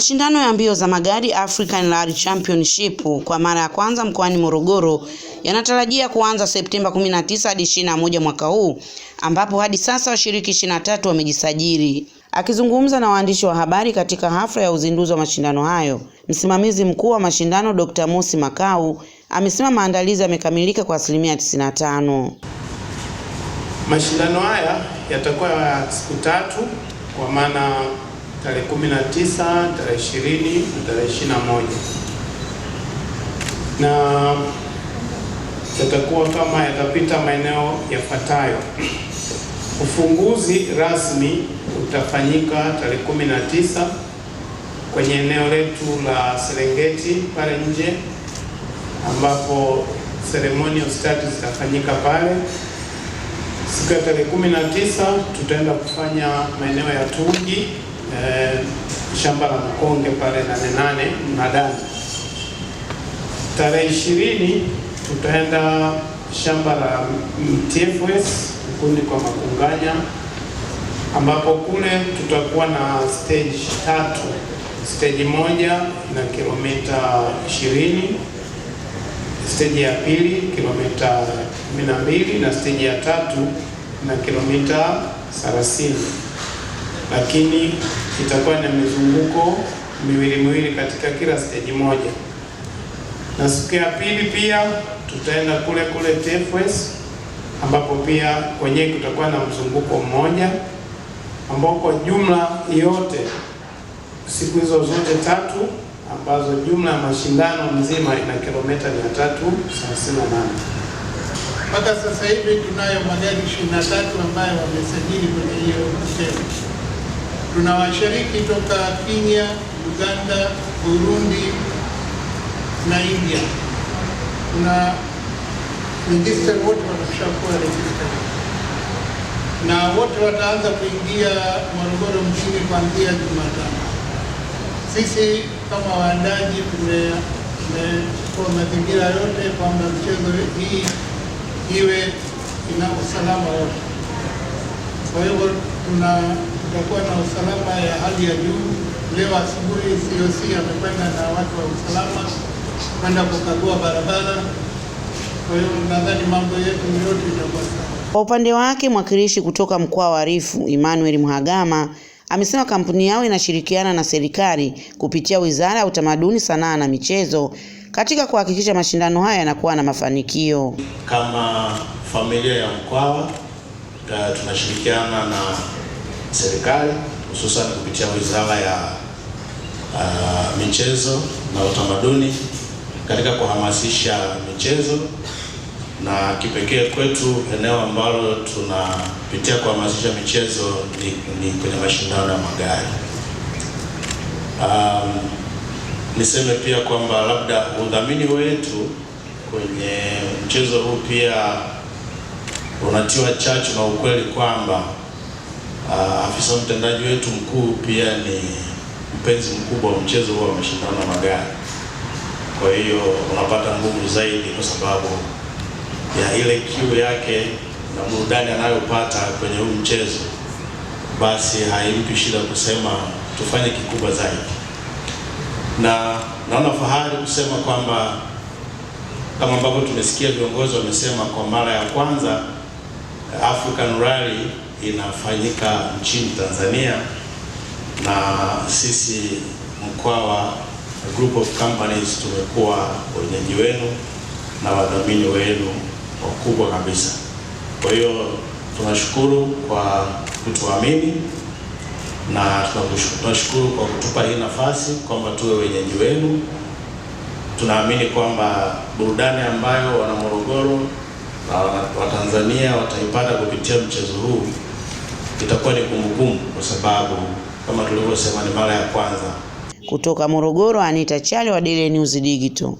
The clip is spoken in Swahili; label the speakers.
Speaker 1: Mashindano ya mbio za magari African Rally Championship kwa mara ya kwanza mkoani Morogoro yanatarajia kuanza Septemba 19 hadi 21 mwaka huu ambapo hadi sasa washiriki 23 wamejisajili. Akizungumza na waandishi wa habari katika hafla ya uzinduzi wa mashindano hayo, msimamizi mkuu wa mashindano Dr. Musi Makau amesema maandalizi yamekamilika kwa asilimia 95.
Speaker 2: Mashindano haya yatakuwa siku tatu kwa maana tarehe 19, tarehe 20 na tarehe 21, na yatakuwa kama yatapita maeneo yafuatayo. Ufunguzi rasmi utafanyika tarehe 19 kwenye eneo letu la Serengeti pale nje, ambapo ceremonial start zitafanyika pale. Siku ya tarehe 19 tutaenda kufanya maeneo ya Tungi eh, shamba la Mkonge pale nane nane Madani. Tarehe ishirini tutaenda shamba la TFS Mkundi kwa Makunganya, ambapo kule tutakuwa na stage tatu. Stage moja na kilomita ishirini steji ya pili kilomita 12 na steji ya tatu na kilomita lakini itakuwa na mizunguko miwili miwili katika kila stage moja. Na siku ya pili pia tutaenda kule kule TFS ambapo pia kwenye kutakuwa na mzunguko mmoja ambao kwa jumla yote siku hizo zote tatu ambazo jumla ya mashindano mzima ina kilomita 338. Mpaka sasa hivi tunayo magari 23 ambayo wamesajili kwenye hiyo tuna washiriki toka Kenya, Uganda, Burundi na India. Tuna register wote wameshakuwa register na wote wataanza kuingia Morogoro mjini kuanzia Jumatano. Sisi kama waandaji tumechukua mazingira yote kwamba mchezo hii iwe ina usalama wote, kwa hivyo tuna tutakuwa na usalama ya hali ya juu. Leo asubuhi COC amekwenda na watu wa usalama kwenda kukagua barabara. Kwa hiyo nadhani mambo yetu yote itakuwa sawa.
Speaker 1: Kwa upande wake mwakilishi kutoka mkoa wa Rifu Emmanuel Mhagama amesema kampuni yao inashirikiana na serikali kupitia Wizara ya Utamaduni, Sanaa na Michezo katika kuhakikisha mashindano haya yanakuwa na mafanikio.
Speaker 3: Kama familia ya Mkwawa tunashirikiana na serikali hususan kupitia Wizara ya uh, Michezo na Utamaduni katika kuhamasisha michezo na kipekee kwetu eneo ambalo tunapitia kuhamasisha michezo ni, ni kwenye mashindano ya magari. Um, niseme pia kwamba labda udhamini wetu kwenye mchezo huu pia unatiwa chachu na ukweli kwamba Uh, afisa mtendaji wetu mkuu pia ni mpenzi mkubwa wa mchezo wa mashindano ya magari, kwa hiyo unapata nguvu zaidi kwa sababu ya ile kiu yake na burudani anayopata kwenye huu mchezo, basi haimpi shida kusema tufanye kikubwa zaidi, na naona fahari kusema kwamba kama ambavyo tumesikia viongozi wamesema kwa mara ya kwanza African Rally inafanyika nchini Tanzania na sisi Mkwawa group of companies tumekuwa wenyeji wenu na wadhamini wenu wakubwa kabisa. Kwa hiyo tunashukuru kwa kutuamini na tunashukuru kwa kutupa hii nafasi kwamba tuwe wenyeji wenu. Tunaamini kwamba burudani ambayo wana Morogoro na Watanzania wataipata kupitia mchezo huu itakuwa ni kumbukumbu, kwa sababu kama tulivyosema ni mara ya kwanza.
Speaker 1: Kutoka Morogoro, Anita Chali wa Daily News Digital.